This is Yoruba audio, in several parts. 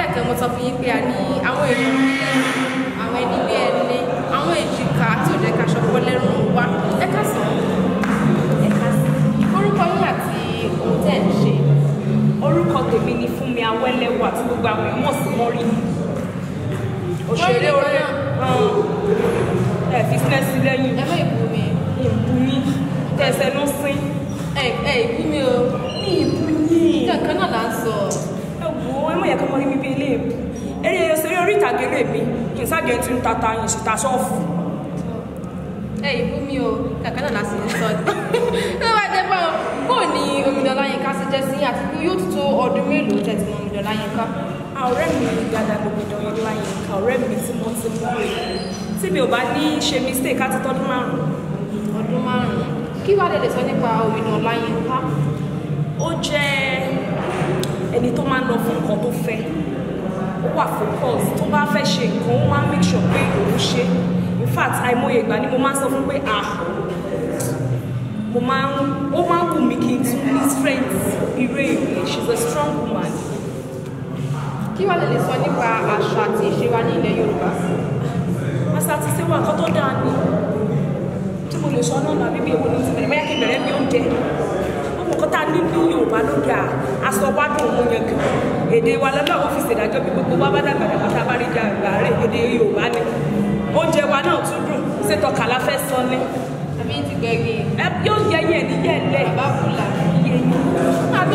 lẹ́ẹ̀kan mo sọ fún yín pé a ní àwọn èèyàn àwọn ẹni bí ẹni àwọn èjìká tí ò jẹ́ ká ṣọpọ́ lẹ́rùn wa ẹ ká sàn ẹ ká sàn orúkọ yín àti ohun tẹ́ ẹ̀ ń ṣe. orúkọ tèmi ni Fúnmi Awẹ́lẹ́wọ̀ àti gbogbo àwọn èèyàn mọ̀ sí mọ́rí òṣèré orí ẹ̀ fi sílẹ̀ sí lẹ́yìn ẹ má ìbú mi ìbú mi tẹ̀sẹ̀ ló sín ẹ ìbú mi o ní ìbú yìí kankan náà là ń sọ yẹ kí wọ́n rí mi bí ilé mi eré eré orí ìtàgé rè mi kì í ságẹ̀ tún tata yìí síta ṣọ́ọ̀fù. ẹ ìbú mi o kàkẹ́ náà láti sọ ẹ wá jẹ́ pé bó ni Omidan Ọláyínká ṣe jẹ́ sí àti pé yóò tó ọdún mélòó tẹ̀ tí Omidan Ọláyínká. ọ̀rẹ́ mi ni dada Omidan Ọláyínká ọ̀rẹ́ mi tí mo ti mú rè tí mi ò bá ní ṣe mistake àti tọdún márùn-ún. ọdún márùn-ún kí wàá lè sọ nípa Omidan Ọláyínká ẹni tó máa ń lọ fún nǹkan tó fẹ́ ó wà focus tó bá fẹ́ ṣe nǹkan ó máa ń make sure pé òun ṣe in fact àìmọye ìgbà ni mo máa ń sọ fún pé ah mo máa ń ó máa ń wù mí kí n tún ní strength ire ìrìn she is a strong woman. kí wàá lè lè sọ nípa àṣà àti ìṣe wa ní ilẹ̀ Yorùbá. àṣà àti ìṣe wa kan tó dáa ni tí mo lè sọ náà nàbí bí èwo ni mo ti bẹ̀rẹ̀ bóyá kí n bẹ̀rẹ̀ bí oúnjẹ ní bí yorùbá ló dà aṣọ wa dùn mú yẹn kàn èdè wa lọ́lọ́wọ́ fi ṣèdájọ́ bí gbogbo wa bá dàgbà dàgbà tá a bá rí jà rẹ̀ èdè yorùbá ni oúnjẹ wa náà tún dùn ṣé tọkà la fẹ́ sọ ni. ti gbẹ̀gì. ẹ yóò yẹ yẹn ní yẹn lẹ. bàbá kùlà. iye yẹn.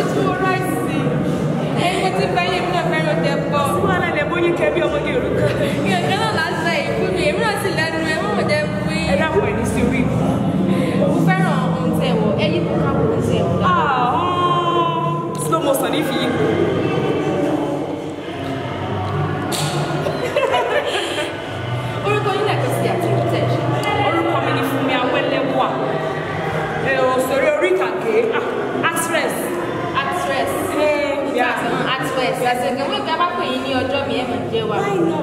tá a bá pè yín ní ọjọ́ mi ẹ̀ mọ̀ jẹ́ wa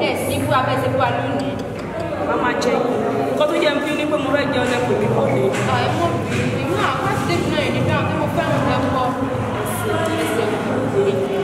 ẹ̀ sí bú abẹ́sẹ̀ bú wa lónìí. màmá jẹ́ nǹkan tó yẹ ń bí ní pé mo fẹ́ jẹun lẹ́kọ̀ọ́ mi kọ́ mi.